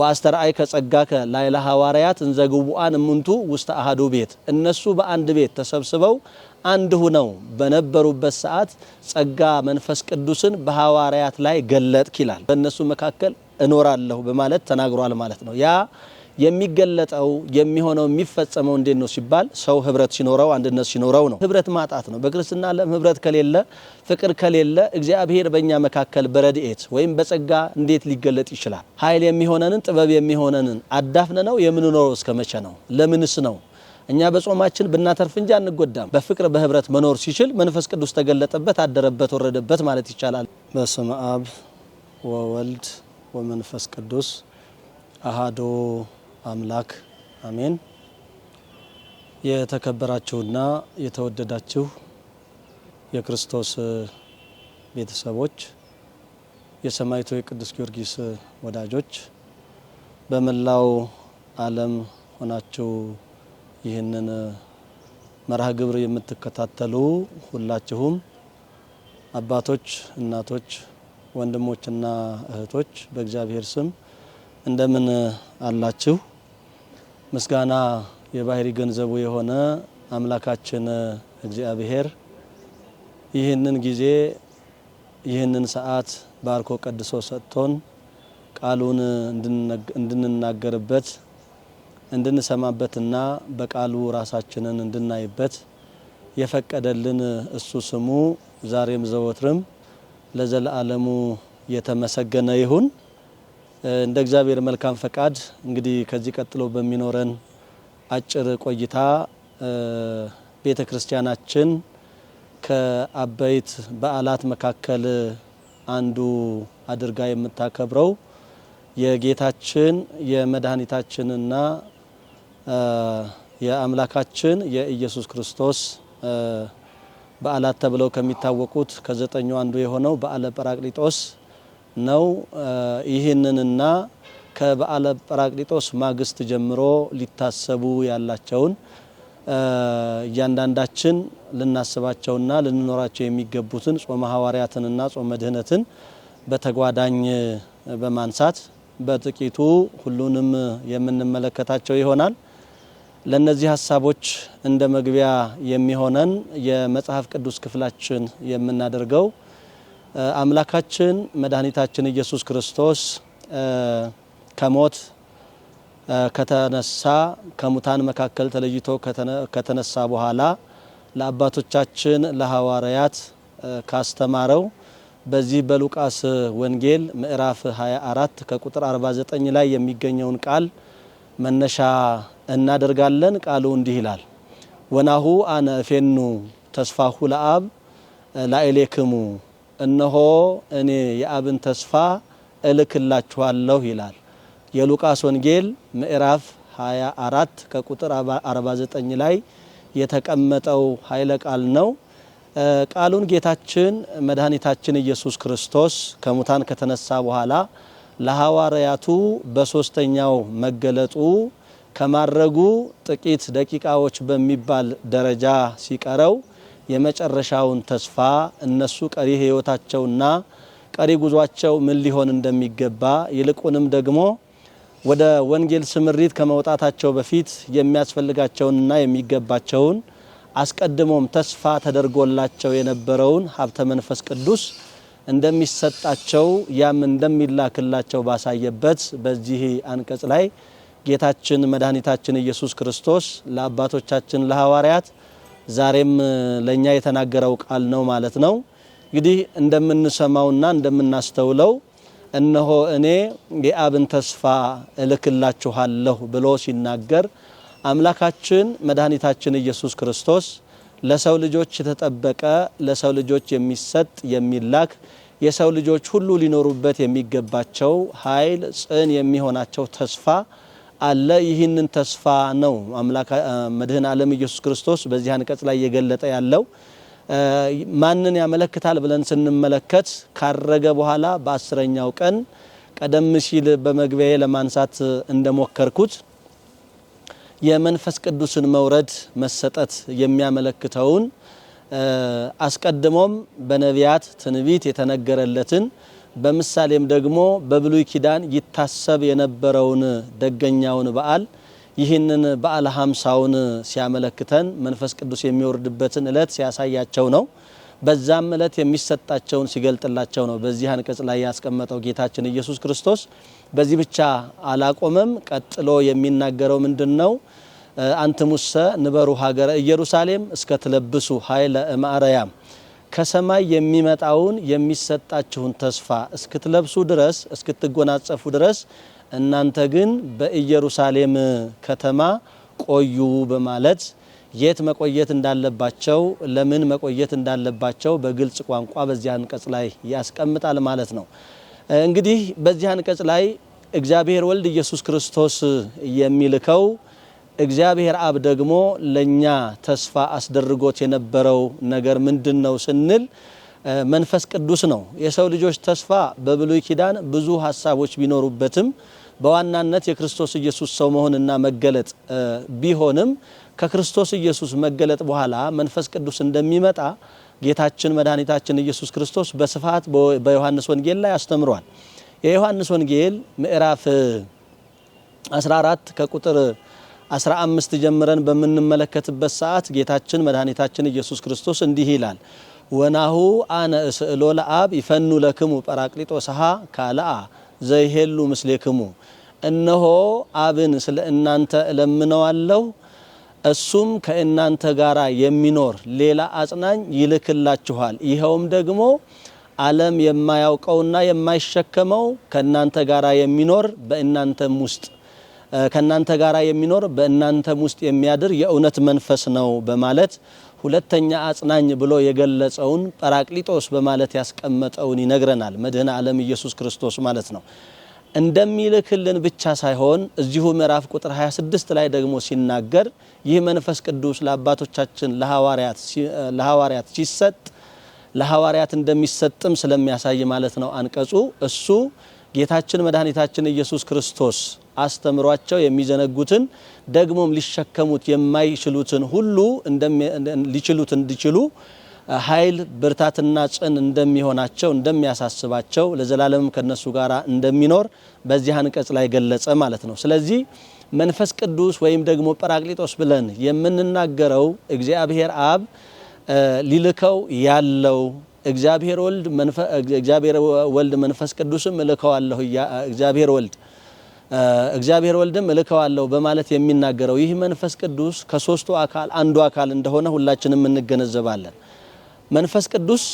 ወአስተርአይ ከጸጋከ ላይለ ሐዋርያት እንዘ ግቡአን እምንቱ ውስተ አሐዱ ቤት እነሱ በአንድ ቤት ተሰብስበው አንድ ሁነው በነበሩበት ሰዓት ጸጋ መንፈስ ቅዱስን በሐዋርያት ላይ ገለጥክ ይላል። በእነሱ መካከል እኖራለሁ በማለት ተናግሯል ማለት ነው ያ የሚገለጠው የሚሆነው የሚፈጸመው እንዴት ነው ሲባል ሰው ህብረት ሲኖረው አንድነት ሲኖረው ነው። ህብረት ማጣት ነው። በክርስትና ዓለም ህብረት ከሌለ ፍቅር ከሌለ እግዚአብሔር በእኛ መካከል በረድኤት ወይም በጸጋ እንዴት ሊገለጥ ይችላል? ኃይል የሚሆነንን ጥበብ የሚሆነንን አዳፍነ ነው የምንኖረው እስከ መቼ ነው? ለምንስ ነው? እኛ በጾማችን ብናተርፍ እንጂ አንጎዳም። በፍቅር በህብረት መኖር ሲችል መንፈስ ቅዱስ ተገለጠበት፣ አደረበት፣ ወረደበት ማለት ይቻላል። በስመ አብ ወወልድ ወመንፈስ ቅዱስ አሃዶ አምላክ አሜን። የተከበራችሁና የተወደዳችሁ የክርስቶስ ቤተሰቦች፣ የሰማዕቱ የቅዱስ ጊዮርጊስ ወዳጆች፣ በመላው ዓለም ሆናችሁ ይህንን መርሃ ግብር የምትከታተሉ ሁላችሁም አባቶች፣ እናቶች፣ ወንድሞችና እህቶች በእግዚአብሔር ስም እንደምን አላችሁ? ምስጋና የባህሪ ገንዘቡ የሆነ አምላካችን እግዚአብሔር ይህንን ጊዜ ይህንን ሰዓት ባርኮ ቀድሶ ሰጥቶን ቃሉን እንድንናገርበት እንድንሰማበትና በቃሉ ራሳችንን እንድናይበት የፈቀደልን እሱ ስሙ ዛሬም ዘወትርም ለዘለዓለሙ የተመሰገነ ይሁን። እንደ እግዚአብሔር መልካም ፈቃድ እንግዲህ ከዚህ ቀጥሎ በሚኖረን አጭር ቆይታ ቤተ ክርስቲያናችን ከአበይት በዓላት መካከል አንዱ አድርጋ የምታከብረው የጌታችን የመድኃኒታችንና የአምላካችን የኢየሱስ ክርስቶስ በዓላት ተብለው ከሚታወቁት ከዘጠኙ አንዱ የሆነው በዓለ ጰራቅሊጦስ ነው። ይህንንና ከበዓለ ጰራቅሊጦስ ማግስት ጀምሮ ሊታሰቡ ያላቸውን እያንዳንዳችን ልናስባቸውና ልንኖራቸው የሚገቡትን ጾመ ሐዋርያትንና ጾመ ድህነትን በተጓዳኝ በማንሳት በጥቂቱ ሁሉንም የምንመለከታቸው ይሆናል። ለነዚህ ሀሳቦች እንደ መግቢያ የሚሆነን የመጽሐፍ ቅዱስ ክፍላችን የምናደርገው አምላካችን መድኃኒታችን ኢየሱስ ክርስቶስ ከሞት ከተነሳ ከሙታን መካከል ተለይቶ ከተነሳ በኋላ ለአባቶቻችን ለሐዋርያት ካስተማረው በዚህ በሉቃስ ወንጌል ምዕራፍ 24 ከቁጥር 49 ላይ የሚገኘውን ቃል መነሻ እናደርጋለን። ቃሉ እንዲህ ይላል፣ ወናሁ አነ እፌኑ ተስፋሁ ለአብ ላኤሌክሙ እነሆ እኔ የአብን ተስፋ እልክላችኋለሁ ይላል። የሉቃስ ወንጌል ምዕራፍ 24 ከቁጥር 49 ላይ የተቀመጠው ኃይለ ቃል ነው። ቃሉን ጌታችን መድኃኒታችን ኢየሱስ ክርስቶስ ከሙታን ከተነሳ በኋላ ለሐዋርያቱ በሶስተኛው መገለጡ ከማድረጉ ጥቂት ደቂቃዎች በሚባል ደረጃ ሲቀረው የመጨረሻውን ተስፋ እነሱ ቀሪ ህይወታቸውና ቀሪ ጉዟቸው ምን ሊሆን እንደሚገባ ይልቁንም ደግሞ ወደ ወንጌል ስምሪት ከመውጣታቸው በፊት የሚያስፈልጋቸውንና የሚገባቸውን አስቀድሞም ተስፋ ተደርጎላቸው የነበረውን ሀብተ መንፈስ ቅዱስ እንደሚሰጣቸው ያም እንደሚላክላቸው ባሳየበት በዚህ አንቀጽ ላይ ጌታችን መድኃኒታችን ኢየሱስ ክርስቶስ ለአባቶቻችን ለሐዋርያት ዛሬም ለኛ የተናገረው ቃል ነው ማለት ነው። እንግዲህ እንደምንሰማውና እንደምናስተውለው እነሆ እኔ የአብን ተስፋ እልክላችኋለሁ ብሎ ሲናገር አምላካችን መድኃኒታችን ኢየሱስ ክርስቶስ ለሰው ልጆች የተጠበቀ ለሰው ልጆች የሚሰጥ የሚላክ የሰው ልጆች ሁሉ ሊኖሩበት የሚገባቸው ኃይል ጽን የሚሆናቸው ተስፋ አለ። ይህንን ተስፋ ነው አምላክ መድህን ዓለም ኢየሱስ ክርስቶስ በዚህ አንቀጽ ላይ እየገለጠ ያለው። ማንን ያመለክታል ብለን ስንመለከት ካረገ በኋላ በአስረኛው ቀን ቀደም ሲል በመግቢያዬ ለማንሳት እንደሞከርኩት የመንፈስ ቅዱስን መውረድ መሰጠት የሚያመለክተውን አስቀድሞም በነቢያት ትንቢት የተነገረለትን በምሳሌም ደግሞ በብሉይ ኪዳን ይታሰብ የነበረውን ደገኛውን በዓል ይህንን በዓል ሀምሳውን ሲያመለክተን መንፈስ ቅዱስ የሚወርድበትን እለት ሲያሳያቸው ነው። በዛም እለት የሚሰጣቸውን ሲገልጥላቸው ነው። በዚህ አንቀጽ ላይ ያስቀመጠው ጌታችን ኢየሱስ ክርስቶስ በዚህ ብቻ አላቆመም። ቀጥሎ የሚናገረው ምንድን ነው? አንትሙሰ ንበሩ ሀገረ ኢየሩሳሌም እስከ ትለብሱ ኃይለ እምአረያም ከሰማይ የሚመጣውን የሚሰጣችሁን ተስፋ እስክትለብሱ ድረስ እስክትጎናጸፉ ድረስ እናንተ ግን በኢየሩሳሌም ከተማ ቆዩ በማለት የት መቆየት እንዳለባቸው ለምን መቆየት እንዳለባቸው በግልጽ ቋንቋ በዚህ አንቀጽ ላይ ያስቀምጣል ማለት ነው። እንግዲህ በዚህ አንቀጽ ላይ እግዚአብሔር ወልድ ኢየሱስ ክርስቶስ የሚልከው እግዚአብሔር አብ ደግሞ ለኛ ተስፋ አስደርጎት የነበረው ነገር ምንድን ነው ስንል መንፈስ ቅዱስ ነው። የሰው ልጆች ተስፋ በብሉይ ኪዳን ብዙ ሀሳቦች ቢኖሩበትም በዋናነት የክርስቶስ ኢየሱስ ሰው መሆንና መገለጥ ቢሆንም ከክርስቶስ ኢየሱስ መገለጥ በኋላ መንፈስ ቅዱስ እንደሚመጣ ጌታችን መድኃኒታችን ኢየሱስ ክርስቶስ በስፋት በዮሐንስ ወንጌል ላይ አስተምሯል። የዮሐንስ ወንጌል ምዕራፍ 14 ከቁጥር 15 ጀምረን በምንመለከትበት ሰዓት ጌታችን መድኃኒታችን ኢየሱስ ክርስቶስ እንዲህ ይላል፣ ወናሁ አነ እስእሎ ለአብ ይፈኑ ለክሙ ጰራቅሊጦስሃ ካልአ ዘይሄሉ ምስሌክሙ፣ እነሆ አብን ስለ እናንተ እለምነዋለሁ እሱም ከእናንተ ጋር የሚኖር ሌላ አጽናኝ ይልክላችኋል። ይኸውም ደግሞ ዓለም የማያውቀውና የማይሸከመው ከእናንተ ጋር የሚኖር በእናንተም ውስጥ ከእናንተ ጋር የሚኖር በእናንተም ውስጥ የሚያድር የእውነት መንፈስ ነው በማለት ሁለተኛ አጽናኝ ብሎ የገለጸውን ጰራቅሊጦስ በማለት ያስቀመጠውን ይነግረናል። መድህን ዓለም ኢየሱስ ክርስቶስ ማለት ነው። እንደሚልክልን ብቻ ሳይሆን እዚሁ ምዕራፍ ቁጥር 26 ላይ ደግሞ ሲናገር ይህ መንፈስ ቅዱስ ለአባቶቻችን ለሐዋርያት ሲሰጥ ለሐዋርያት እንደሚሰጥም ስለሚያሳይ ማለት ነው አንቀጹ እሱ ጌታችን መድኃኒታችን ኢየሱስ ክርስቶስ አስተምሯቸው የሚዘነጉትን ደግሞም ሊሸከሙት የማይችሉትን ሁሉ ሊችሉት እንዲችሉ ኃይል ብርታትና ጽን እንደሚሆናቸው እንደሚያሳስባቸው ለዘላለምም ከነሱ ጋር እንደሚኖር በዚህ አንቀጽ ላይ ገለጸ ማለት ነው። ስለዚህ መንፈስ ቅዱስ ወይም ደግሞ ጰራቅሊጦስ ብለን የምንናገረው እግዚአብሔር አብ ሊልከው ያለው እግዚአብሔር ወልድ መንፈስ ቅዱስም እልከዋለሁ እግዚአብሔር ወልድ እግዚአብሔር ወልድም እልከዋለሁ በማለት የሚናገረው ይህ መንፈስ ቅዱስ ከሶስቱ አካል አንዱ አካል እንደሆነ ሁላችንም እንገነዘባለን። መንፈስ ቅዱስ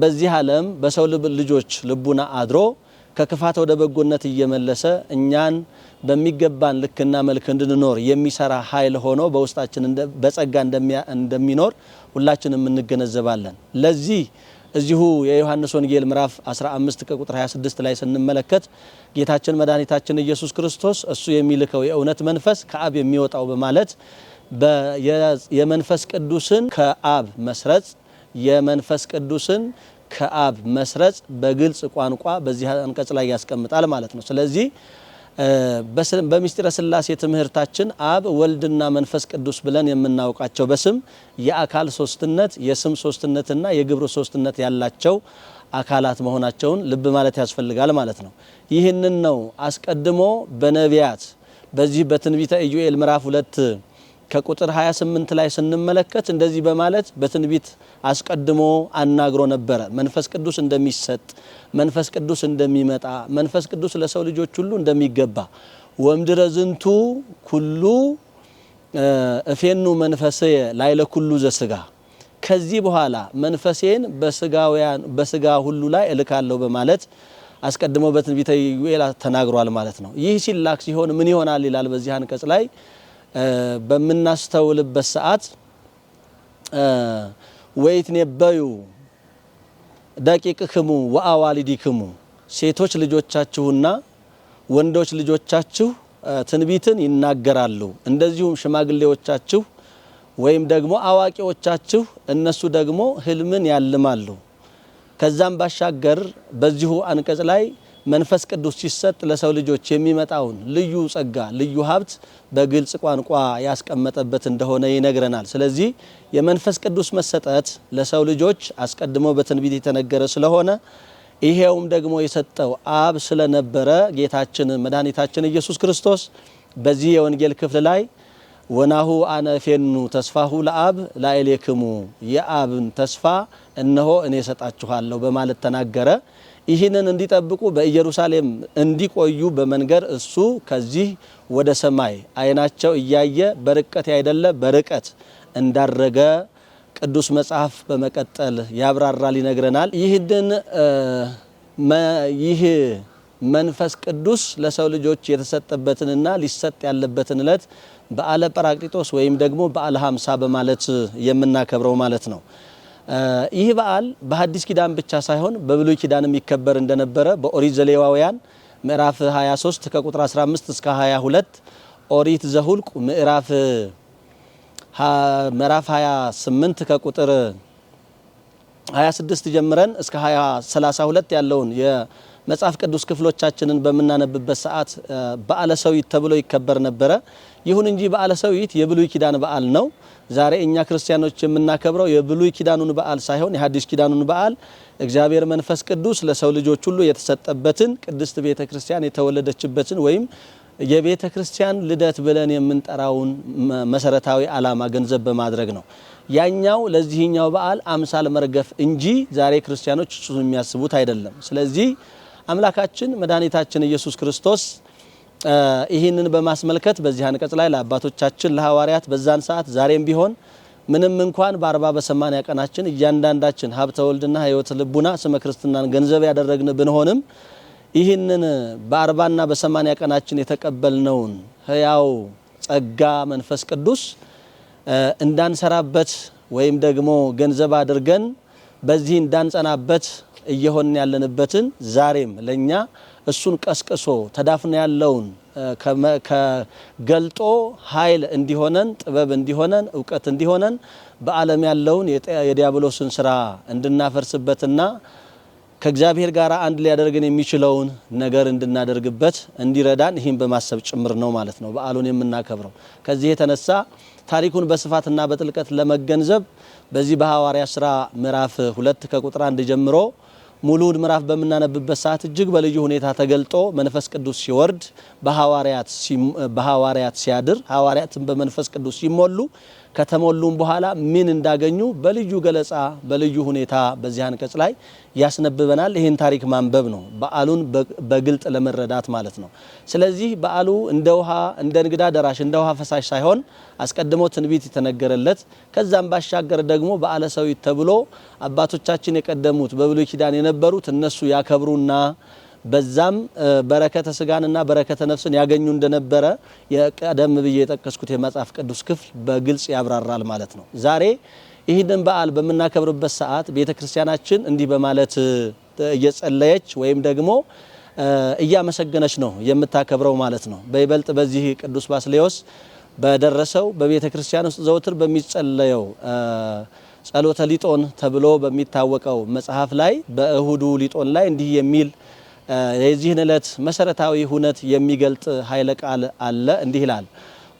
በዚህ ዓለም በሰው ልጆች ልቡና አድሮ ከክፋት ወደ በጎነት እየመለሰ እኛን በሚገባን ልክና መልክ እንድንኖር የሚሰራ ኃይል ሆኖ በውስጣችን በጸጋ እንደሚኖር ሁላችንም እንገነዘባለን። ለዚህ እዚሁ የዮሐንስ ወንጌል ምዕራፍ 15 ከቁጥር 26 ላይ ስንመለከት ጌታችን መድኃኒታችን ኢየሱስ ክርስቶስ እሱ የሚልከው የእውነት መንፈስ ከአብ የሚወጣው በማለት የመንፈስ ቅዱስን ከአብ መስረጽ የመንፈስ ቅዱስን ከአብ መስረጽ በግልጽ ቋንቋ በዚህ አንቀጽ ላይ ያስቀምጣል ማለት ነው። ስለዚህ በሚስጢረ ስላሴ ትምህርታችን አብ ወልድና መንፈስ ቅዱስ ብለን የምናውቃቸው በስም የአካል ሶስትነት የስም ሶስትነትና የግብር ሶስትነት ያላቸው አካላት መሆናቸውን ልብ ማለት ያስፈልጋል ማለት ነው። ይህንን ነው አስቀድሞ በነቢያት በዚህ በትንቢተ ኢዩኤል ምዕራፍ ሁለት ከቁጥር 28 ላይ ስንመለከት እንደዚህ በማለት በትንቢት አስቀድሞ አናግሮ ነበረ። መንፈስ ቅዱስ እንደሚሰጥ፣ መንፈስ ቅዱስ እንደሚመጣ፣ መንፈስ ቅዱስ ለሰው ልጆች ሁሉ እንደሚገባ ወምድረ ዝንቱ ኩሉ እፌኑ መንፈሴ ላይለ ኩሉ ዘስጋ ከዚህ በኋላ መንፈሴን በስጋውያን በስጋ ሁሉ ላይ እልካለሁ በማለት አስቀድሞ በትንቢተ ኢዩኤል ተናግሯል ማለት ነው። ይህ ሲላክ ሲሆን ምን ይሆናል ይላል በዚህ አንቀጽ ላይ በምናስተውልበት ሰዓት ወይትነበዩ ደቂቅክሙ ወአዋልዲክሙ ሴቶች ልጆቻችሁና ወንዶች ልጆቻችሁ ትንቢትን ይናገራሉ፣ እንደዚሁም ሽማግሌዎቻችሁ ወይም ደግሞ አዋቂዎቻችሁ እነሱ ደግሞ ህልምን ያልማሉ። ከዛም ባሻገር በዚሁ አንቀጽ ላይ መንፈስ ቅዱስ ሲሰጥ ለሰው ልጆች የሚመጣውን ልዩ ጸጋ፣ ልዩ ሀብት በግልጽ ቋንቋ ያስቀመጠበት እንደሆነ ይነግረናል። ስለዚህ የመንፈስ ቅዱስ መሰጠት ለሰው ልጆች አስቀድሞ በትንቢት የተነገረ ስለሆነ ይሄውም ደግሞ የሰጠው አብ ስለነበረ ጌታችን መድኃኒታችን ኢየሱስ ክርስቶስ በዚህ የወንጌል ክፍል ላይ ወናሁ አነ ፌኑ ተስፋሁ ለአብ ላዕሌክሙ የአብን ተስፋ እነሆ እኔ እሰጣችኋለሁ በማለት ተናገረ። ይህንን እንዲጠብቁ በኢየሩሳሌም እንዲቆዩ በመንገር እሱ ከዚህ ወደ ሰማይ አይናቸው እያየ በርቀት ያይደለ በርቀት እንዳረገ ቅዱስ መጽሐፍ በመቀጠል ያብራራል፣ ይነግረናል። ይህንን ይህ መንፈስ ቅዱስ ለሰው ልጆች የተሰጠበትንና ሊሰጥ ያለበትን እለት በዓለ ጰራቅሊጦስ ወይም ደግሞ በዓለ ሃምሳ በማለት የምናከብረው ማለት ነው። ይህ በዓል በሐዲስ ኪዳን ብቻ ሳይሆን በብሉይ ኪዳንም ይከበር እንደነበረ በኦሪት ዘሌዋውያን ምዕራፍ 23 ከቁጥር 15 እስከ 22 ኦሪት ዘሁልቁ ምዕራፍ ምዕራፍ 28 ከቁጥር 26 ጀምረን እስከ 32 ያለውን የመጽሐፍ ቅዱስ ክፍሎቻችንን በምናነብበት ሰዓት በዓለ ሰዊት ተብሎ ይከበር ነበረ። ይሁን እንጂ በዓለ ሰዊት የብሉይ ኪዳን በዓል ነው። ዛሬ እኛ ክርስቲያኖች የምናከብረው የብሉይ ኪዳኑን በዓል ሳይሆን የሐዲስ ኪዳኑን በዓል እግዚአብሔር መንፈስ ቅዱስ ለሰው ልጆች ሁሉ የተሰጠበትን ቅድስት ቤተ ክርስቲያን የተወለደችበትን ወይም የቤተ ክርስቲያን ልደት ብለን የምንጠራውን መሰረታዊ ዓላማ ገንዘብ በማድረግ ነው። ያኛው ለዚህኛው በዓል አምሳል መርገፍ እንጂ ዛሬ ክርስቲያኖች እሱ የሚያስቡት አይደለም። ስለዚህ አምላካችን መድኃኒታችን ኢየሱስ ክርስቶስ ይህንን በማስመልከት በዚህ አንቀጽ ላይ ለአባቶቻችን ለሐዋርያት በዛን ሰዓት ዛሬም ቢሆን ምንም እንኳን በአርባ በሰማንያ ቀናችን እያንዳንዳችን ሀብተ ወልድና ህይወት ልቡና ስመ ክርስትናን ገንዘብ ያደረግን ብንሆንም ይህንን በአርባና በሰማንያ ቀናችን የተቀበልነውን ህያው ጸጋ መንፈስ ቅዱስ እንዳንሰራበት ወይም ደግሞ ገንዘብ አድርገን በዚህ እንዳንጸናበት እየሆንን ያለንበትን ዛሬም ለእኛ እሱን ቀስቅሶ ተዳፍኖ ያለውን ከገልጦ ኃይል እንዲሆነን ጥበብ እንዲሆነን እውቀት እንዲሆነን በዓለም ያለውን የዲያብሎስን ስራ እንድናፈርስበትና ከእግዚአብሔር ጋር አንድ ሊያደርግን የሚችለውን ነገር እንድናደርግበት እንዲረዳን ይህን በማሰብ ጭምር ነው ማለት ነው በዓሉን የምናከብረው። ከዚህ የተነሳ ታሪኩን በስፋትና በጥልቀት ለመገንዘብ በዚህ በሐዋርያ ስራ ምዕራፍ ሁለት ከቁጥር አንድ ጀምሮ ሙሉውን ምዕራፍ በምናነብበት ሰዓት እጅግ በልዩ ሁኔታ ተገልጦ መንፈስ ቅዱስ ሲወርድ በሐዋርያት ሲያድር ሐዋርያትን በመንፈስ ቅዱስ ሲሞሉ ከተሞሉም በኋላ ምን እንዳገኙ በልዩ ገለጻ በልዩ ሁኔታ በዚህ አንቀጽ ላይ ያስነብበናል። ይህን ታሪክ ማንበብ ነው በዓሉን በግልጥ ለመረዳት ማለት ነው። ስለዚህ በዓሉ እንደ ውሃ እንደ እንግዳ ደራሽ እንደ ውሃ ፈሳሽ ሳይሆን አስቀድሞ ትንቢት የተነገረለት ከዛም ባሻገር ደግሞ በዓለ ሰዊት ተብሎ አባቶቻችን የቀደሙት በብሉይ ኪዳን የነበሩት እነሱ ያከብሩና በዛም በረከተ ስጋንና በረከተ ነፍስን ያገኙ እንደነበረ የቀደም ብዬ የጠቀስኩት የመጽሐፍ ቅዱስ ክፍል በግልጽ ያብራራል ማለት ነው። ዛሬ ይህንን በዓል በምናከብርበት ሰዓት ቤተ ክርስቲያናችን እንዲህ በማለት እየጸለየች ወይም ደግሞ እያመሰገነች ነው የምታከብረው ማለት ነው። በይበልጥ በዚህ ቅዱስ ባስሌዎስ በደረሰው በቤተ ክርስቲያን ውስጥ ዘውትር በሚጸለየው ጸሎተ ሊጦን ተብሎ በሚታወቀው መጽሐፍ ላይ በእሁዱ ሊጦን ላይ እንዲህ የሚል የዚህን ዕለት መሰረታዊ ሁነት የሚገልጥ ኃይለ ቃል አለ። እንዲህ ይላል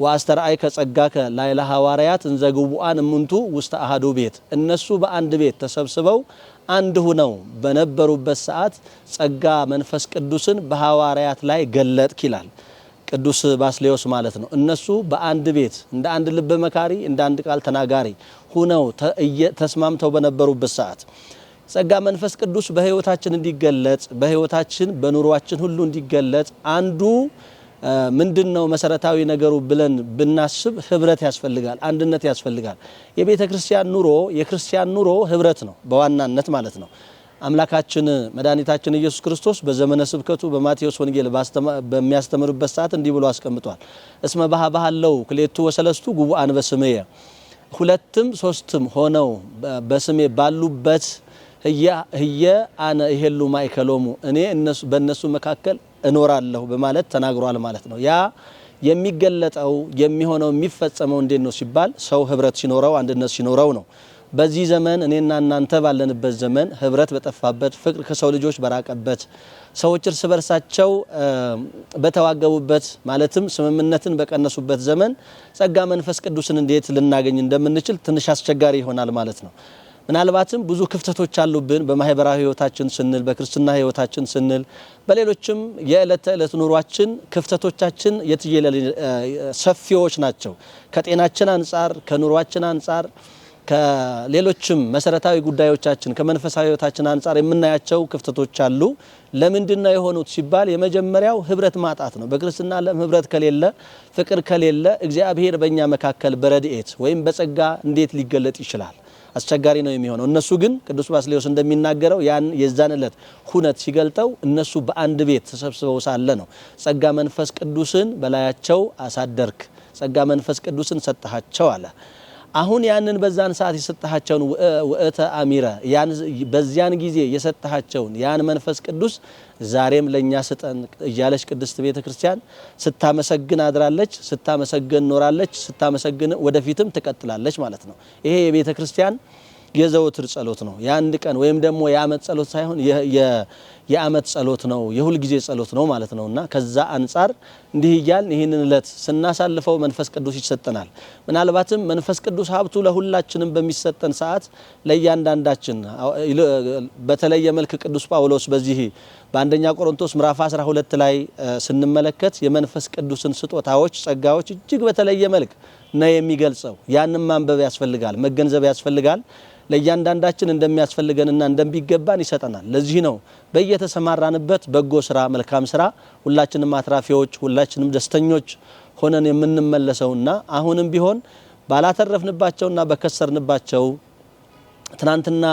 ወአስተርአይ ከጸጋከ ላይለ ሐዋርያት እንዘግቡአን እሙንቱ ውስተ አሐዱ ቤት። እነሱ በአንድ ቤት ተሰብስበው አንድ ሁነው በነበሩበት ሰዓት ጸጋ መንፈስ ቅዱስን በሐዋርያት ላይ ገለጥክ ይላል ቅዱስ ባስሌዎስ ማለት ነው። እነሱ በአንድ ቤት እንደ አንድ ልብ መካሪ እንደ አንድ ቃል ተናጋሪ ሁነው ተስማምተው በነበሩበት ሰዓት ጸጋ መንፈስ ቅዱስ በህይወታችን እንዲገለጽ በህይወታችን በኑሯችን ሁሉ እንዲገለጽ አንዱ ምንድን ነው መሰረታዊ ነገሩ ብለን ብናስብ ህብረት ያስፈልጋል፣ አንድነት ያስፈልጋል። የቤተ ክርስቲያን ኑሮ የክርስቲያን ኑሮ ህብረት ነው በዋናነት ማለት ነው። አምላካችን መድኃኒታችን ኢየሱስ ክርስቶስ በዘመነ ስብከቱ በማቴዎስ ወንጌል በሚያስተምርበት ሰዓት እንዲህ ብሎ አስቀምጧል። እስመ ባህለው ክሌቱ ወሰለስቱ ጉቡአን በስሜ ሁለትም ሶስትም ሆነው በስሜ ባሉበት ህየ አነ ይሄሉ ማእከሎሙ እኔ በእነሱ መካከል እኖራለሁ በማለት ተናግሯል ማለት ነው። ያ የሚገለጠው የሚሆነው የሚፈጸመው እንዴት ነው ሲባል ሰው ህብረት ሲኖረው አንድነት ሲኖረው ነው። በዚህ ዘመን እኔና እናንተ ባለንበት ዘመን ህብረት በጠፋበት፣ ፍቅር ከሰው ልጆች በራቀበት፣ ሰዎች እርስ በርሳቸው በተዋገቡበት ማለትም ስምምነትን በቀነሱበት ዘመን ጸጋ መንፈስ ቅዱስን እንዴት ልናገኝ እንደምንችል ትንሽ አስቸጋሪ ይሆናል ማለት ነው። ምናልባትም ብዙ ክፍተቶች አሉብን በማህበራዊ ህይወታችን ስንል በክርስትና ህይወታችን ስንል በሌሎችም የዕለት ተዕለት ኑሯችን ክፍተቶቻችን የትየለል ሰፊዎች ናቸው። ከጤናችን አንጻር፣ ከኑሯችን አንጻር፣ ከሌሎችም መሰረታዊ ጉዳዮቻችን ከመንፈሳዊ ህይወታችን አንጻር የምናያቸው ክፍተቶች አሉ። ለምንድነው የሆኑት ሲባል የመጀመሪያው ህብረት ማጣት ነው። በክርስትና ዓለም ህብረት ከሌለ ፍቅር ከሌለ እግዚአብሔር በእኛ መካከል በረድኤት ወይም በጸጋ እንዴት ሊገለጥ ይችላል? አስቸጋሪ ነው የሚሆነው። እነሱ ግን ቅዱስ ባስሌዎስ እንደሚናገረው ያን የዛን ዕለት ሁነት ሲገልጠው እነሱ በአንድ ቤት ተሰብስበው ሳለ ነው ጸጋ መንፈስ ቅዱስን በላያቸው አሳደርክ፣ ጸጋ መንፈስ ቅዱስን ሰጠሃቸው አለ። አሁን ያንን በዛን ሰዓት የሰጠሃቸውን ውእተ አሚረ በዚያን ጊዜ የሰጠሃቸውን ያን መንፈስ ቅዱስ ዛሬም ለእኛ ስጠን እያለች ቅድስት ቤተ ክርስቲያን ስታመሰግን አድራለች፣ ስታመሰግን ኖራለች፣ ስታመሰግን ወደፊትም ትቀጥላለች ማለት ነው። ይሄ የቤተ ክርስቲያን የዘወትር ጸሎት ነው። የአንድ ቀን ወይም ደግሞ የአመት ጸሎት ሳይሆን የአመት ጸሎት ነው፣ የሁል ጊዜ ጸሎት ነው ማለት ነው። እና ከዛ አንጻር እንዲህ እያልን ይህንን እለት ስናሳልፈው መንፈስ ቅዱስ ይሰጠናል። ምናልባትም መንፈስ ቅዱስ ሀብቱ ለሁላችንም በሚሰጠን ሰዓት ለእያንዳንዳችን በተለየ መልክ ቅዱስ ጳውሎስ በዚህ በአንደኛ ቆሮንቶስ ምዕራፍ 12 ላይ ስንመለከት የመንፈስ ቅዱስን ስጦታዎች፣ ጸጋዎች እጅግ በተለየ መልክ ነው የሚገልጸው። ያንም ማንበብ ያስፈልጋል፣ መገንዘብ ያስፈልጋል። ለእያንዳንዳችን እንደሚያስፈልገንና እንደሚገባን ይሰጠናል። ለዚህ ነው በየተሰማራንበት በጎ ስራ፣ መልካም ስራ ሁላችንም አትራፊዎች፣ ሁላችንም ደስተኞች ሆነን የምንመለሰውና አሁንም ቢሆን ባላተረፍንባቸውና በከሰርንባቸው ትናንትና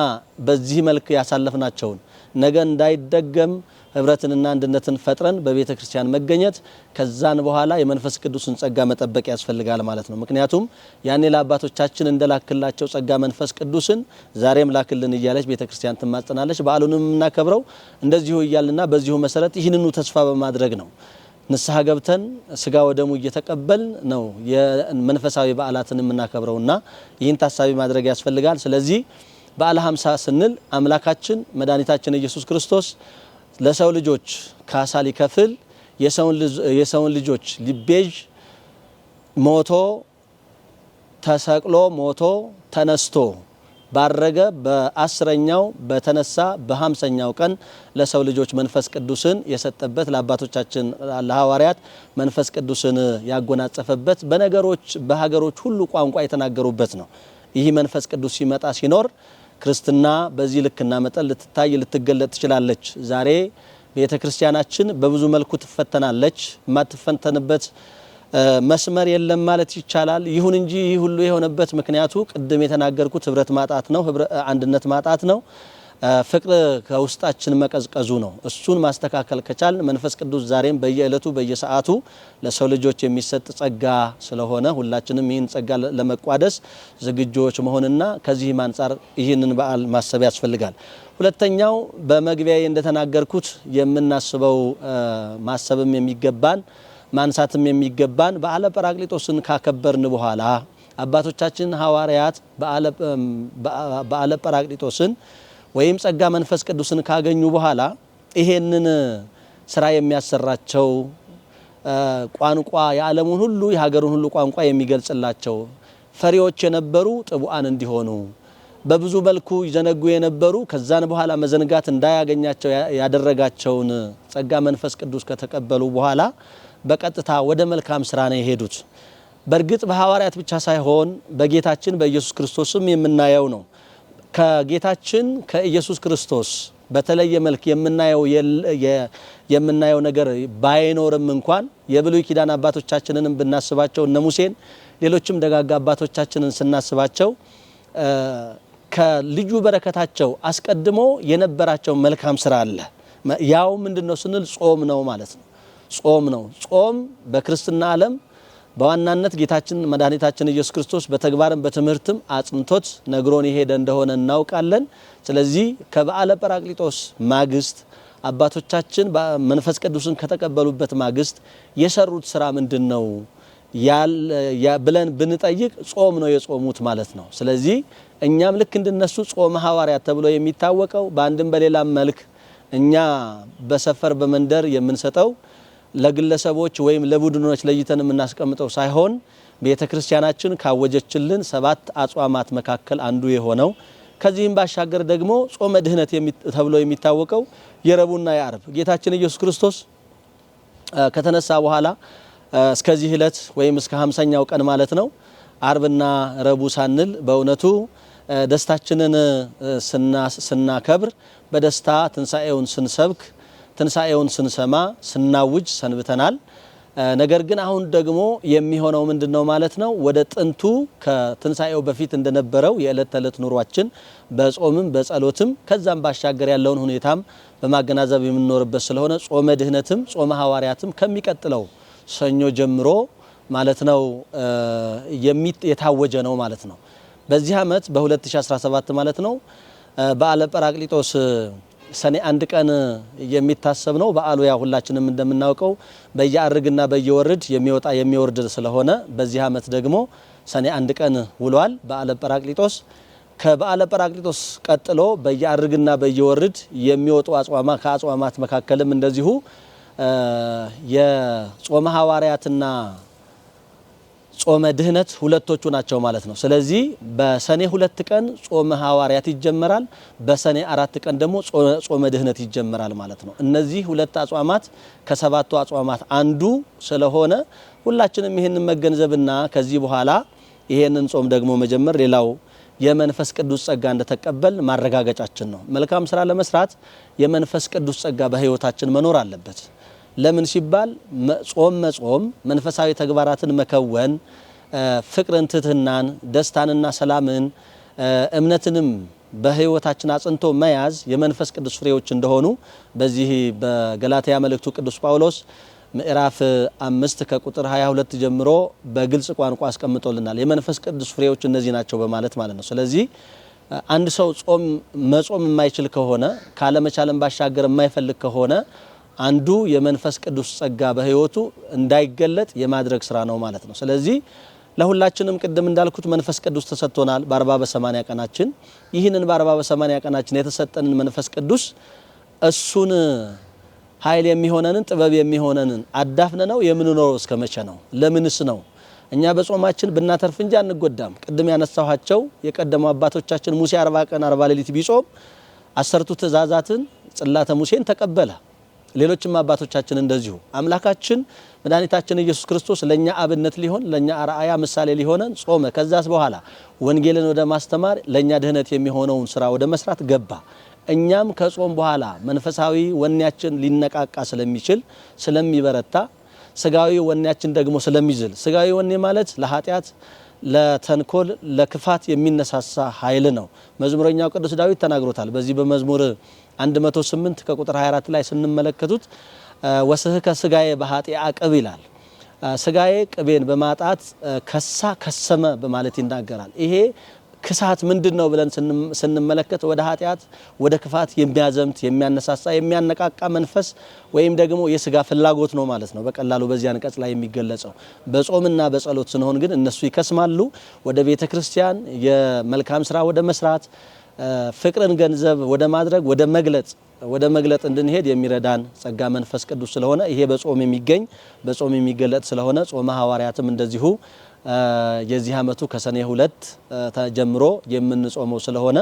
በዚህ መልክ ያሳለፍናቸውን ነገ እንዳይደገም ህብረትንና አንድነትን ፈጥረን በቤተ ክርስቲያን መገኘት ከዛን በኋላ የመንፈስ ቅዱስን ጸጋ መጠበቅ ያስፈልጋል ማለት ነው። ምክንያቱም ያኔ ለአባቶቻችን እንደላክላቸው ጸጋ መንፈስ ቅዱስን ዛሬም ላክልን እያለች ቤተ ክርስቲያን ትማጽናለች። በዓሉንም የምናከብረው እንደዚሁ እያልና በዚሁ መሰረት ይህንኑ ተስፋ በማድረግ ነው። ንስሐ ገብተን ስጋ ወደሙ እየተቀበል ነው የመንፈሳዊ በዓላትን የምናከብረውና ይህን ታሳቢ ማድረግ ያስፈልጋል። ስለዚህ በዓለ ሀምሳ ስንል አምላካችን መድኃኒታችን ኢየሱስ ክርስቶስ ለሰው ልጆች ካሳ ሊከፍል የሰውን ልጆች ሊቤዥ ሞቶ ተሰቅሎ ሞቶ ተነስቶ ባረገ በአስረኛው በተነሳ በሀምሰኛው ቀን ለሰው ልጆች መንፈስ ቅዱስን የሰጠበት ለአባቶቻችን ለሐዋርያት መንፈስ ቅዱስን ያጎናጸፈበት በነገሮች በሀገሮች ሁሉ ቋንቋ የተናገሩበት ነው። ይህ መንፈስ ቅዱስ ሲመጣ ሲኖር ክርስትና በዚህ ልክና መጠን ልትታይ ልትገለጥ ትችላለች። ዛሬ ቤተ ክርስቲያናችን በብዙ መልኩ ትፈተናለች። የማትፈተንበት መስመር የለም ማለት ይቻላል። ይሁን እንጂ ይህ ሁሉ የሆነበት ምክንያቱ ቅድም የተናገርኩት ህብረት ማጣት ነው፣ አንድነት ማጣት ነው። ፍቅር ከውስጣችን መቀዝቀዙ ነው። እሱን ማስተካከል ከቻል መንፈስ ቅዱስ ዛሬም በየዕለቱ በየሰዓቱ ለሰው ልጆች የሚሰጥ ጸጋ ስለሆነ ሁላችንም ይህን ጸጋ ለመቋደስ ዝግጆች መሆንና ከዚህም አንጻር ይህንን በዓል ማሰብ ያስፈልጋል። ሁለተኛው በመግቢያ እንደተናገርኩት የምናስበው ማሰብም የሚገባን ማንሳትም የሚገባን በዓለ ጰራቅሊጦስን ካከበርን በኋላ አባቶቻችን ሐዋርያት በዓለ ጰራቅሊጦስን ወይም ጸጋ መንፈስ ቅዱስን ካገኙ በኋላ ይሄንን ስራ የሚያሰራቸው ቋንቋ የዓለሙን ሁሉ የሀገሩን ሁሉ ቋንቋ የሚገልጽላቸው ፈሪዎች የነበሩ ጥቡአን እንዲሆኑ በብዙ መልኩ ይዘነጉ የነበሩ ከዛን በኋላ መዘንጋት እንዳያገኛቸው ያደረጋቸውን ጸጋ መንፈስ ቅዱስ ከተቀበሉ በኋላ በቀጥታ ወደ መልካም ስራ ነው የሄዱት። በእርግጥ በሐዋርያት ብቻ ሳይሆን በጌታችን በኢየሱስ ክርስቶስም የምናየው ነው። ከጌታችን ከኢየሱስ ክርስቶስ በተለየ መልክ የምናየው የምናየው ነገር ባይኖርም እንኳን የብሉይ ኪዳን አባቶቻችንንም ብናስባቸው እነ ሙሴን ሌሎችም ደጋጋ አባቶቻችንን ስናስባቸው ከልዩ በረከታቸው አስቀድሞ የነበራቸው መልካም ስራ አለ። ያው ምንድነው ስንል ጾም ነው ማለት ነው። ጾም ነው። ጾም በክርስትና ዓለም በዋናነት ጌታችን መድኃኒታችን ኢየሱስ ክርስቶስ በተግባርም በትምህርትም አጽንቶት ነግሮን የሄደ እንደሆነ እናውቃለን። ስለዚህ ከበዓለ ጰራቅሊጦስ ማግስት አባቶቻችን መንፈስ ቅዱስን ከተቀበሉበት ማግስት የሰሩት ስራ ምንድን ነው ብለን ብንጠይቅ ጾም ነው የጾሙት ማለት ነው። ስለዚህ እኛም ልክ እንድነሱ ጾመ ሐዋርያት ተብሎ የሚታወቀው በአንድም በሌላም መልክ እኛ በሰፈር በመንደር የምንሰጠው ለግለሰቦች ወይም ለቡድኖች ለይተን የምናስቀምጠው ሳይሆን ቤተ ክርስቲያናችን ካወጀችልን ሰባት አጽዋማት መካከል አንዱ የሆነው ከዚህም ባሻገር ደግሞ ጾመ ድህነት ተብሎ የሚታወቀው የረቡና የአርብ ጌታችን ኢየሱስ ክርስቶስ ከተነሳ በኋላ እስከዚህ ዕለት ወይም እስከ ሀምሳኛው ቀን ማለት ነው። አርብና ረቡ ሳንል በእውነቱ ደስታችንን ስናከብር በደስታ ትንሣኤውን ስንሰብክ ትንሣኤውን ስንሰማ ስናውጅ ሰንብተናል። ነገር ግን አሁን ደግሞ የሚሆነው ምንድን ነው ማለት ነው? ወደ ጥንቱ ከትንሣኤው በፊት እንደነበረው የዕለት ተዕለት ኑሯችን በጾምም በጸሎትም ከዛም ባሻገር ያለውን ሁኔታም በማገናዘብ የምንኖርበት ስለሆነ ጾመ ድህነትም ጾመ ሐዋርያትም ከሚቀጥለው ሰኞ ጀምሮ ማለት ነው የታወጀ ነው ማለት ነው። በዚህ ዓመት በ2017 ማለት ነው በዓለ ጰራቅሊጦስ ሰኔ አንድ ቀን የሚታሰብ ነው በዓሉ። ያ ሁላችንም እንደምናውቀው በየአርግና በየወርድ የሚወጣ የሚወርድ ስለሆነ በዚህ ዓመት ደግሞ ሰኔ አንድ ቀን ውሏል በዓለ ጰራቅሊጦስ። ከበዓለ ጰራቅሊጦስ ቀጥሎ በየአርግና በየወርድ የሚወጡ አጽዋማ ከአጽዋማት መካከልም እንደዚሁ የጾመ ሐዋርያትና ጾመ ድህነት ሁለቶቹ ናቸው ማለት ነው። ስለዚህ በሰኔ ሁለት ቀን ጾመ ሐዋርያት ይጀመራል። በሰኔ አራት ቀን ደግሞ ጾመ ድህነት ይጀመራል ማለት ነው። እነዚህ ሁለት አጽዋማት ከሰባቱ አጽዋማት አንዱ ስለሆነ ሁላችንም ይህንን መገንዘብና ከዚህ በኋላ ይሄንን ጾም ደግሞ መጀመር ሌላው የመንፈስ ቅዱስ ጸጋ እንደተቀበል ማረጋገጫችን ነው። መልካም ስራ ለመስራት የመንፈስ ቅዱስ ጸጋ በህይወታችን መኖር አለበት። ለምን ሲባል ጾም መጾም፣ መንፈሳዊ ተግባራትን መከወን፣ ፍቅርን፣ ትህትናን፣ ደስታንና ሰላምን እምነትንም በህይወታችን አጽንቶ መያዝ የመንፈስ ቅዱስ ፍሬዎች እንደሆኑ በዚህ በገላትያ መልእክቱ ቅዱስ ጳውሎስ ምዕራፍ አምስት ከቁጥር 22 ጀምሮ በግልጽ ቋንቋ አስቀምጦልናል። የመንፈስ ቅዱስ ፍሬዎች እነዚህ ናቸው በማለት ማለት ነው። ስለዚህ አንድ ሰው ጾም መጾም የማይችል ከሆነ ካለመቻለን ባሻገር የማይፈልግ ከሆነ አንዱ የመንፈስ ቅዱስ ጸጋ በህይወቱ እንዳይገለጥ የማድረግ ስራ ነው ማለት ነው። ስለዚህ ለሁላችንም ቅድም እንዳልኩት መንፈስ ቅዱስ ተሰጥቶናል በአርባ በሰማንያ ቀናችን። ይህንን በአርባ በሰማንያ ቀናችን የተሰጠንን መንፈስ ቅዱስ እሱን ኃይል የሚሆነንን ጥበብ የሚሆነንን አዳፍነ ነው የምንኖረው። እስከ መቼ ነው? ለምንስ ነው? እኛ በጾማችን ብናተርፍ እንጂ አንጎዳም። ቅድም ያነሳኋቸው የቀደሙ አባቶቻችን ሙሴ አርባ ቀን አርባ ሌሊት ቢጾም አሰርቱ ትእዛዛትን ጽላተ ሙሴን ተቀበለ። ሌሎችም አባቶቻችን እንደዚሁ አምላካችን መድኃኒታችን ኢየሱስ ክርስቶስ ለእኛ አብነት ሊሆን ለእኛ አርአያ ምሳሌ ሊሆነን ጾመ። ከዛስ በኋላ ወንጌልን ወደ ማስተማር ለእኛ ድህነት የሚሆነውን ስራ ወደ መስራት ገባ። እኛም ከጾም በኋላ መንፈሳዊ ወኔያችን ሊነቃቃ ስለሚችል ስለሚበረታ፣ ስጋዊ ወኔያችን ደግሞ ስለሚዝል፣ ስጋዊ ወኔ ማለት ለኃጢአት ለተንኮል ለክፋት የሚነሳሳ ኃይል ነው። መዝሙረኛው ቅዱስ ዳዊት ተናግሮታል። በዚህ በመዝሙር 108 ከቁጥር 24 ላይ ስንመለከቱት ወስህከ ስጋዬ በኃጢአ ቅብ ይላል። ስጋዬ ቅቤን በማጣት ከሳ ከሰመ በማለት ይናገራል። ይሄ ክሳት ምንድን ነው ብለን ስንመለከት ወደ ኃጢአት ወደ ክፋት የሚያዘምት የሚያነሳሳ የሚያነቃቃ መንፈስ ወይም ደግሞ የስጋ ፍላጎት ነው ማለት ነው በቀላሉ በዚህ አንቀጽ ላይ የሚገለጸው። በጾምና በጸሎት ስንሆን ግን እነሱ ይከስማሉ። ወደ ቤተ ክርስቲያን የመልካም ስራ ወደ መስራት ፍቅርን ገንዘብ ወደ ማድረግ ወደ መግለጽ ወደ መግለጥ እንድንሄድ የሚረዳን ጸጋ መንፈስ ቅዱስ ስለሆነ ይሄ በጾም የሚገኝ በጾም የሚገለጥ ስለሆነ ጾመ ሐዋርያትም እንደዚሁ የዚህ ዓመቱ ከሰኔ ሁለት ጀምሮ የምንጾመው ስለሆነ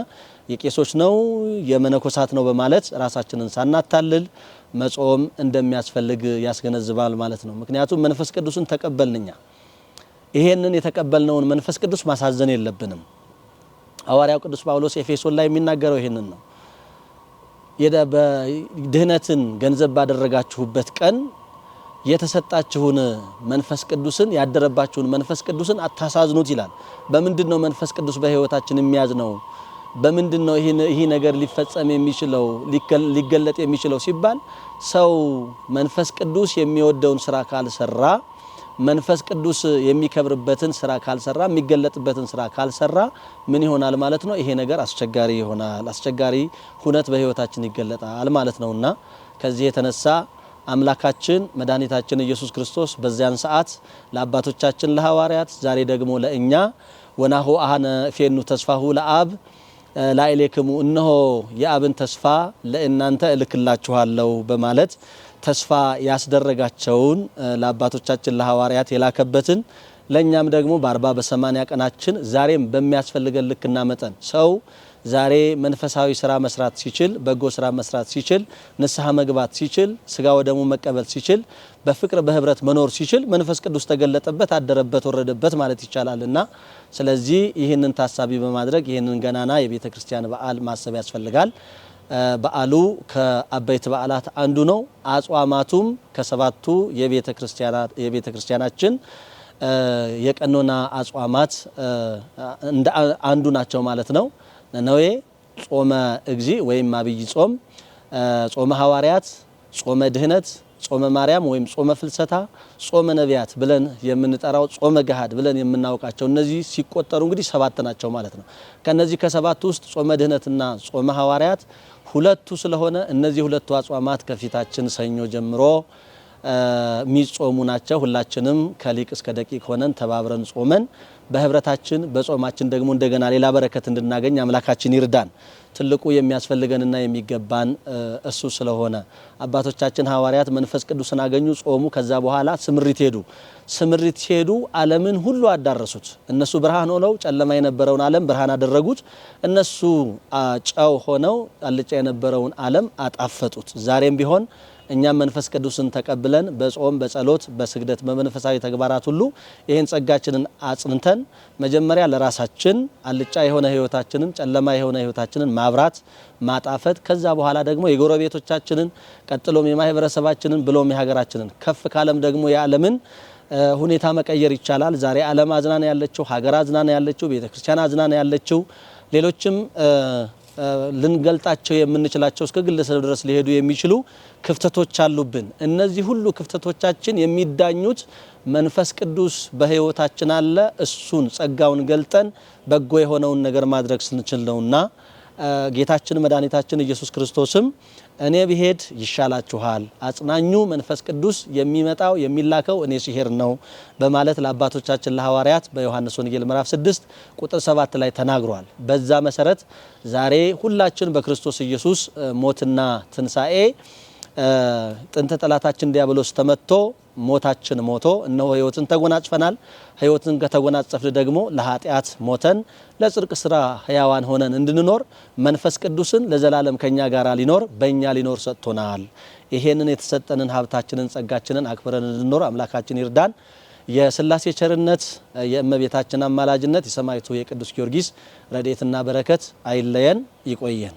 የቄሶች ነው የመነኮሳት ነው በማለት ራሳችንን ሳናታልል መጾም እንደሚያስፈልግ ያስገነዝባል ማለት ነው። ምክንያቱም መንፈስ ቅዱስን ተቀበልንኛ። ይሄንን የተቀበልነውን መንፈስ ቅዱስ ማሳዘን የለብንም። ሐዋርያው ቅዱስ ጳውሎስ ኤፌሶን ላይ የሚናገረው ይህንን ነው። ድህነትን ገንዘብ ባደረጋችሁበት ቀን የተሰጣችሁን መንፈስ ቅዱስን ያደረባችሁን መንፈስ ቅዱስን አታሳዝኑት ይላል። በምንድን ነው መንፈስ ቅዱስ በህይወታችን የሚያዝ ነው? በምንድን ነው ይህ ነገር ሊፈጸም የሚችለው ሊገለጥ የሚችለው ሲባል ሰው መንፈስ ቅዱስ የሚወደውን ስራ ካልሰራ መንፈስ ቅዱስ የሚከብርበትን ስራ ካልሰራ የሚገለጥበትን ስራ ካልሰራ ምን ይሆናል ማለት ነው? ይሄ ነገር አስቸጋሪ ይሆናል። አስቸጋሪ ሁነት በህይወታችን ይገለጣል ማለት ነውና ከዚህ የተነሳ አምላካችን መድኃኒታችን ኢየሱስ ክርስቶስ በዚያን ሰዓት ለአባቶቻችን ለሐዋርያት፣ ዛሬ ደግሞ ለእኛ ወናሁ አነ ፌኑ ተስፋሁ ለአብ ላይሌክሙ እነሆ የአብን ተስፋ ለእናንተ እልክላችኋለሁ በማለት ተስፋ ያስደረጋቸውን ለአባቶቻችን ለሐዋርያት የላከበትን ለእኛም ደግሞ በአርባ በሰማኒያ ቀናችን ዛሬም በሚያስፈልገን ልክና መጠን ሰው ዛሬ መንፈሳዊ ስራ መስራት ሲችል በጎ ስራ መስራት ሲችል ንስሐ መግባት ሲችል ስጋ ወደሙ መቀበል ሲችል በፍቅር በህብረት መኖር ሲችል መንፈስ ቅዱስ ተገለጠበት፣ አደረበት፣ ወረደበት ማለት ይቻላል እና ስለዚህ ይህንን ታሳቢ በማድረግ ይህንን ገናና የቤተ ክርስቲያን በዓል ማሰብ ያስፈልጋል። በዓሉ ከአበይት በዓላት አንዱ ነው። አጽዋማቱም ከሰባቱ የቤተ ክርስቲያናችን የቀኖና አጽዋማት እንደ አንዱ ናቸው ማለት ነው። ነነዌ፣ ጾመ እግዚ ወይም አብይ ጾም፣ ጾመ ሐዋርያት፣ ጾመ ድህነት፣ ጾመ ማርያም ወይም ጾመ ፍልሰታ፣ ጾመ ነቢያት ብለን የምንጠራው፣ ጾመ ገሃድ ብለን የምናውቃቸው እነዚህ ሲቆጠሩ እንግዲህ ሰባት ናቸው ማለት ነው። ከነዚህ ከሰባቱ ውስጥ ጾመ ድህነትና ጾመ ሐዋርያት ሁለቱ ስለሆነ እነዚህ ሁለቱ አጽዋማት ከፊታችን ሰኞ ጀምሮ የሚጾሙ ናቸው። ሁላችንም ከሊቅ እስከ ደቂቅ ሆነን ተባብረን ጾመን በህብረታችን በጾማችን ደግሞ እንደገና ሌላ በረከት እንድናገኝ አምላካችን ይርዳን። ትልቁ የሚያስፈልገንና የሚገባን እሱ ስለሆነ አባቶቻችን ሐዋርያት መንፈስ ቅዱስን አገኙ፣ ጾሙ። ከዛ በኋላ ስምሪት ሄዱ። ስምሪት ሲሄዱ ዓለምን ሁሉ አዳረሱት። እነሱ ብርሃን ሆነው ጨለማ የነበረውን ዓለም ብርሃን አደረጉት። እነሱ ጨው ሆነው አልጫ የነበረውን ዓለም አጣፈጡት። ዛሬም ቢሆን እኛም መንፈስ ቅዱስን ተቀብለን በጾም በጸሎት በስግደት በመንፈሳዊ ተግባራት ሁሉ ይህን ጸጋችንን አጽንተን መጀመሪያ ለራሳችን አልጫ የሆነ ህይወታችንን ጨለማ የሆነ ህይወታችንን ማብራት ማጣፈት ከዛ በኋላ ደግሞ የጎረቤቶቻችንን ቀጥሎም የማህበረሰባችንን ብሎም የሀገራችንን ከፍ ካለም ደግሞ የዓለምን ሁኔታ መቀየር ይቻላል። ዛሬ ዓለም አዝናና ያለችው ሀገር አዝናና ያለችው ቤተክርስቲያን አዝናና ያለችው ሌሎችም ልንገልጣቸው የምንችላቸው እስከ ግለሰብ ድረስ ሊሄዱ የሚችሉ ክፍተቶች አሉብን። እነዚህ ሁሉ ክፍተቶቻችን የሚዳኙት መንፈስ ቅዱስ በሕይወታችን አለ። እሱን ጸጋውን ገልጠን በጎ የሆነውን ነገር ማድረግ ስንችል ነውና ጌታችን መድኃኒታችን ኢየሱስ ክርስቶስም እኔ ብሄድ ይሻላችኋል፣ አጽናኙ መንፈስ ቅዱስ የሚመጣው የሚላከው እኔ ሲሄድ ነው በማለት ለአባቶቻችን ለሐዋርያት በዮሐንስ ወንጌል ምዕራፍ 6 ቁጥር 7 ላይ ተናግሯል። በዛ መሰረት ዛሬ ሁላችን በክርስቶስ ኢየሱስ ሞትና ትንሣኤ ጥንት ጠላታችን ዲያብሎስ ተመቶ ሞታችን ሞቶ እነሆ ህይወትን ተጎናጽፈናል። ህይወትን ከተጎናጸፍን ደግሞ ለኃጢአት ሞተን ለጽድቅ ስራ ህያዋን ሆነን እንድንኖር መንፈስ ቅዱስን ለዘላለም ከኛ ጋር ሊኖር በእኛ ሊኖር ሰጥቶናል። ይሄንን የተሰጠንን ሀብታችንን ጸጋችንን አክብረን እንድንኖር አምላካችን ይርዳን። የስላሴ ቸርነት የእመቤታችን አማላጅነት የሰማይቱ የቅዱስ ጊዮርጊስ ረድኤትና በረከት አይለየን። ይቆየን።